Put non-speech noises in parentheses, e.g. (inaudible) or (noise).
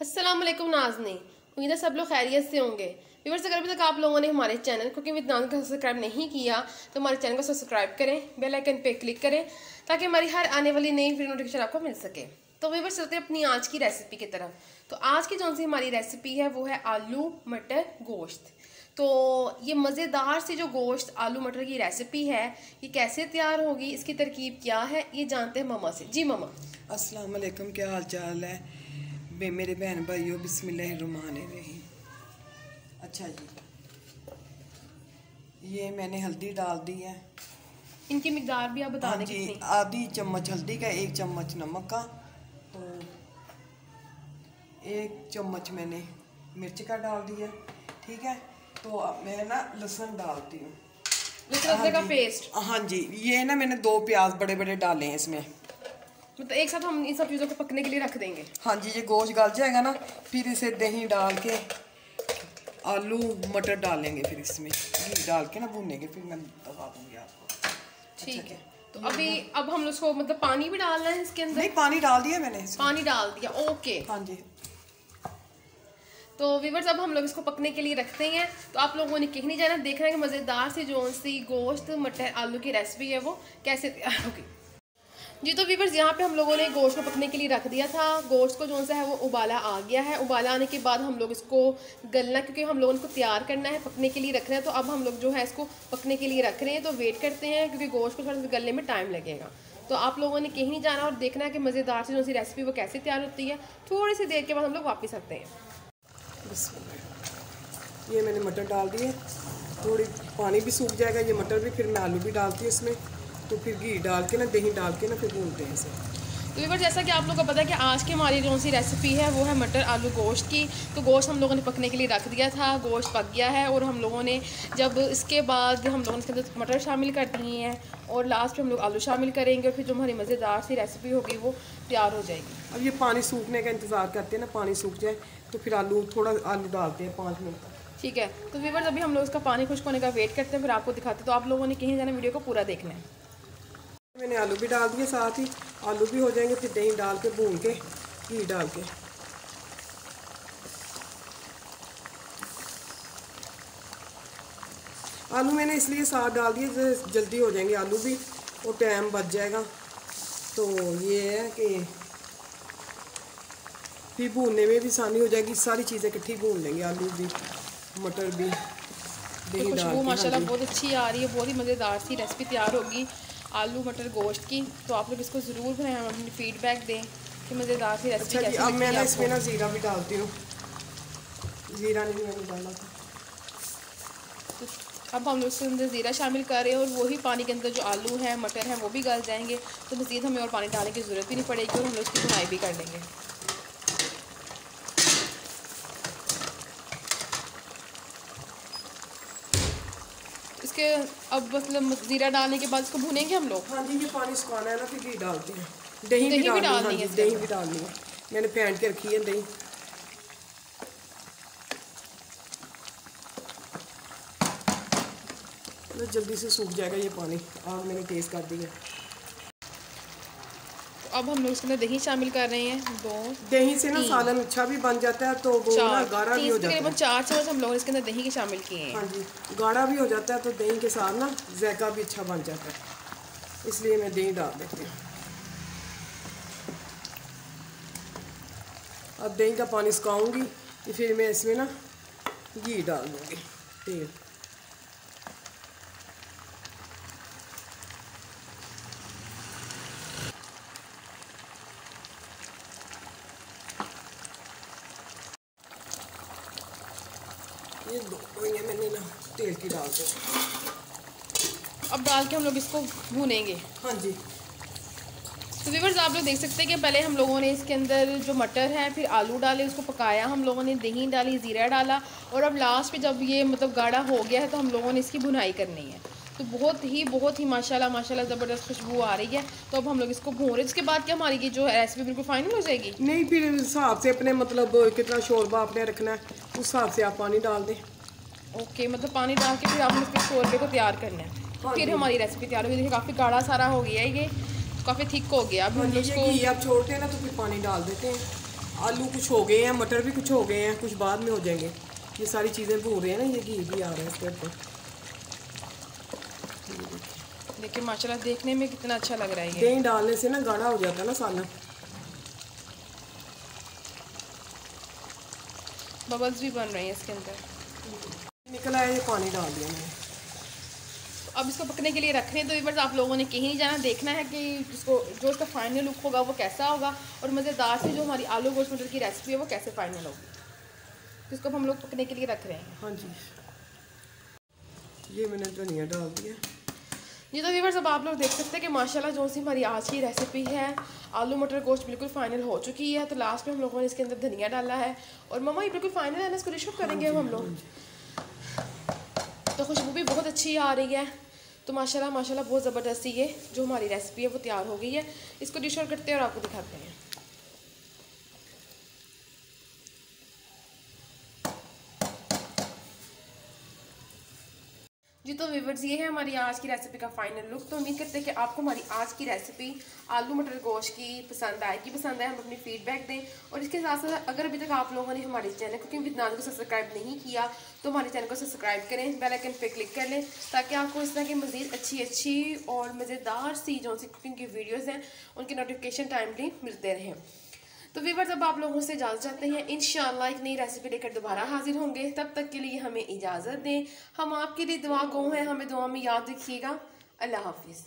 असलम नाजनी उम्मीद है सब लोग खैरियत से होंगे व्यूवर्स अगर अभी तक आप लोगों ने हमारे चैनल कुकिंग विद नाज का सब्सक्राइब नहीं किया तो हमारे चैनल को सब्सक्राइब करें बेल आइकन पे क्लिक करें ताकि हमारी हर आने वाली नई वीडियो नोटिफिकेशन आपको मिल सके तो व्यूवर्स चलते हैं अपनी आज की रेसिपी की तरफ तो आज की जौन सी हमारी रेसिपी है वो है आलू मटर गोश्त तो ये मज़ेदार सी जो गोश्त आलू मटर की रेसिपी है ये कैसे तैयार होगी इसकी तरकीब क्या है ये जानते हैं ममा से जी ममा अस्सलाम वालेकुम क्या हाल चाल है बे मेरे बहन भाइयों रुमान रही अच्छा जी ये मैंने हल्दी डाल दी है इनकी मकदार भी आप बता दें हाँ जी आधी चम्मच हल्दी का एक चम्मच नमक का तो एक चम्मच मैंने मिर्च का डाल दिया ठीक है तो मैं ना लहसुन डालती हूँ हाँ, हाँ जी ये ना मैंने दो प्याज बड़े बड़े डाले हैं इसमें मतलब एक साथ हम इन सब चीज़ों को पकने के लिए रख देंगे हाँ जी ये गोश्त गल जाएगा ना फिर इसे दही डाल के आलू मटर डालेंगे फिर इसमें घी डाल के ना भूनेंगे फिर मैं दबा दूंगी आपको ठीक अच्छा है तो अभी हम्म। अब हम उसको मतलब पानी भी डालना है इसके अंदर नहीं पानी डाल दिया मैंने पानी डाल दिया ओके हाँ जी तो वीवर्स अब हम लोग इसको पकने के लिए रखते हैं तो आप लोगों ने कहीं नहीं जाना देख रहे हैं कि मज़ेदार सी जो सी गोश्त मटर आलू की रेसिपी है वो कैसे तैयार (laughs) होगी जी तो वीवर्स यहाँ पे हम लोगों ने गोश्त को पकने के लिए रख दिया था गोश्त को जो सा है वो उबाला आ गया है उबाला आने के बाद हम लोग इसको गलना क्योंकि हम लोगों को तैयार करना है पकने के लिए रख रहे हैं तो अब हम लोग जो है इसको पकने के लिए रख रहे हैं तो वेट करते हैं क्योंकि गोश्त को थोड़ा सा गलने में टाइम लगेगा तो आप लोगों ने कहीं नहीं जाना और देखना है कि मज़ेदार से जो सी रेसिपी वो कैसे तैयार होती है थोड़ी सी देर के बाद हम लोग वापस आते हैं ये मैंने मटर डाल दिए थोड़ी पानी भी सूख जाएगा ये मटर भी फिर मैं आलू भी डालती हूँ इसमें तो फिर घी डाल के ना दही डाल के ना फिर भूनते हैं इसे तो वीवर जैसा कि आप लोगों को पता है कि आज की हमारी जो सी रेसिपी है वो है मटर आलू गोश्त की तो गोश्त हम लोगों ने पकने के लिए रख दिया था गोश्त पक गया है और हम लोगों ने जब इसके बाद हम लोगों ने इसके अंदर मटर शामिल कर दिए हैं और लास्ट में हम लोग आलू शामिल करेंगे और फिर जो हमारी मज़ेदार सी रेसिपी होगी वो तैयार हो जाएगी अब ये पानी सूखने का इंतज़ार करते हैं ना पानी सूख जाए तो फिर आलू थोड़ा आलू डालते हैं पाँच मिनट तक ठीक है तो वीवर अभी हम लोग उसका पानी खुश्क होने का वेट करते हैं फिर आपको दिखाते हैं तो आप लोगों ने कहीं जाना वीडियो को पूरा देखना है मैंने आलू भी डाल दिए साथ ही आलू भी हो जाएंगे फिर दही डाल के भून के घी डाल के आलू मैंने इसलिए साथ डाल दिए जल्दी हो जाएंगे आलू भी और टाइम बच जाएगा तो ये है कि फिर भूनने में भी आसानी हो जाएगी सारी चीज़ें इकट्ठी भून लेंगे आलू भी मटर भी खुशबू हाँ माशाल्लाह बहुत अच्छी आ रही है बहुत ही मज़ेदार सी रेसिपी तैयार होगी आलू मटर गोश्त की तो आप लोग इसको ज़रूर बनाएं हम अपनी फीडबैक दें कि मज़ेदार सी रेसिपी अच्छा अब मैं इसमें ना ज़ीरा भी डालती हूँ ज़ीरा नहीं मैंने डाला था तो अब हम उसके अंदर ज़ीरा शामिल कर रहे हैं और वही पानी के अंदर जो आलू हैं मटर हैं वो भी गल जाएंगे तो मज़ीद हमें और पानी डालने की ज़रूरत भी नहीं पड़ेगी और हम लोग उसकी बुनाई भी कर लेंगे इसके अब मतलब जीरा डालने के बाद इसको भुनेंगे हम लोग हाँ जी ये पानी सुखाना है ना फिर घी डालते हैं तो दही भी डालनी डाल है हाँ दही भी डालनी है मैंने फेंट के रखी है दही जल्दी से सूख जाएगा ये पानी आग मैंने तेज़ कर दी है अब हम लोग इसमें दही शामिल कर रहे हैं दो दही से ना सालन अच्छा भी बन जाता है तो वो ना गाढ़ा भी हो जाता है चार चम्मच हम लोगों ने इसके अंदर दही के शामिल किए हैं हाँ जी गाढ़ा भी हो जाता है तो दही के साथ ना जायका भी अच्छा बन जाता है इसलिए मैं दही डाल देती हूँ अब दही का पानी सुखाऊंगी फिर मैं इसमें ना घी डाल दूँगी तेल ये दो मैंने ना तेल की डाल अब डाल के हम लोग इसको भूनेंगे हाँ जी तो वीवर्स आप लोग देख सकते हैं कि पहले हम लोगों ने इसके अंदर जो मटर है फिर आलू डाले उसको पकाया हम लोगों ने दही डाली ज़ीरा डाला और अब लास्ट पे जब ये मतलब गाढ़ा हो गया है तो हम लोगों ने इसकी भुनाई करनी है तो बहुत ही बहुत ही माशाल्लाह माशाल्लाह ज़बरदस्त खुशबू आ रही है तो अब हम लोग इसको भून रहे हैं इसके बाद क्या हमारी की जो रेसिपी बिल्कुल फाइनल हो जाएगी नहीं फिर हिसाब से अपने मतलब कितना शोरबा आपने रखना है उस हिसाब से आप पानी डाल दें ओके मतलब पानी डाल के फिर आपने फिर शोरबे को तैयार करना है हाँ फिर हमारी रेसिपी तैयार होगी देखिए काफ़ी गाढ़ा सारा हो गया है ये काफ़ी थिक हो गया अब हाँ हम इसको आप छोड़ते हैं ना तो फिर पानी डाल देते हैं आलू कुछ हो गए हैं मटर भी कुछ हो गए हैं कुछ बाद में हो जाएंगे ये सारी चीज़ें भून रहे हैं ना ये घी भी आ रहा है इसके ऊपर लेकिन माशाल्लाह देखने में कितना अच्छा लग रहा है दही डालने से ना गाढ़ा हो जाता है ना सालन बबल्स भी बन रहे हैं इसके अंदर निकला है ये पानी डाल दिया मैंने अब इसको पकने के लिए रखने दो बस आप लोगों ने कहीं नहीं जाना देखना है कि इसको जो इसका फाइनल लुक होगा वो कैसा होगा और मज़ेदार से जो हमारी आलू गोश्त मटर की रेसिपी है वो कैसे फाइनल होगी तो इसको हम लोग पकने के लिए रख रहे हैं हाँ जी ये मैंने धनिया डाल दिया जी तो वीवर्स अब आप लोग देख सकते हैं कि माशाल्लाह जो सी हमारी आज की रेसिपी है आलू मटर गोश्त बिल्कुल फाइनल हो चुकी है तो लास्ट में हम लोगों ने इसके अंदर धनिया डाला है और मम्मा ये बिल्कुल फाइनल है ना इसको रिशव करेंगे हम लोग तो खुशबू भी बहुत अच्छी आ रही है तो माशाल्लाह माशाल्लाह बहुत ज़बरदस्ती ये जो हमारी रेसिपी है वो तैयार हो गई है इसको डिश और करते हैं और आपको दिखाते हैं जी तो वीवर्स ये है हमारी आज की रेसिपी का फाइनल लुक तो उम्मीद करते हैं कि आपको हमारी आज की रेसिपी आलू मटर गोश्त की पसंद आएगी पसंद आए हम अपनी फीडबैक दें और इसके साथ साथ अगर अभी तक आप लोगों ने हमारे चैनल कुकिंग विद नाज को सब्सक्राइब नहीं किया तो हमारे चैनल को सब्सक्राइब करें बेल आइकन क्लिक कर लें ताकि आपको इस तरह की मज़ीद अच्छी अच्छी और मज़ेदार सी जो सी कुकिंग की वीडियोज़ हैं उनके नोटिफिकेशन टाइमली मिलते रहें तो वीवर्स अब आप लोगों से इजाज़त चाहते हैं इन एक नई रेसिपी लेकर दोबारा हाजिर होंगे तब तक के लिए हमें इजाज़त दें हम आपके लिए दुआ गो हैं हमें दुआ में याद रखिएगा अल्लाह हाफिज़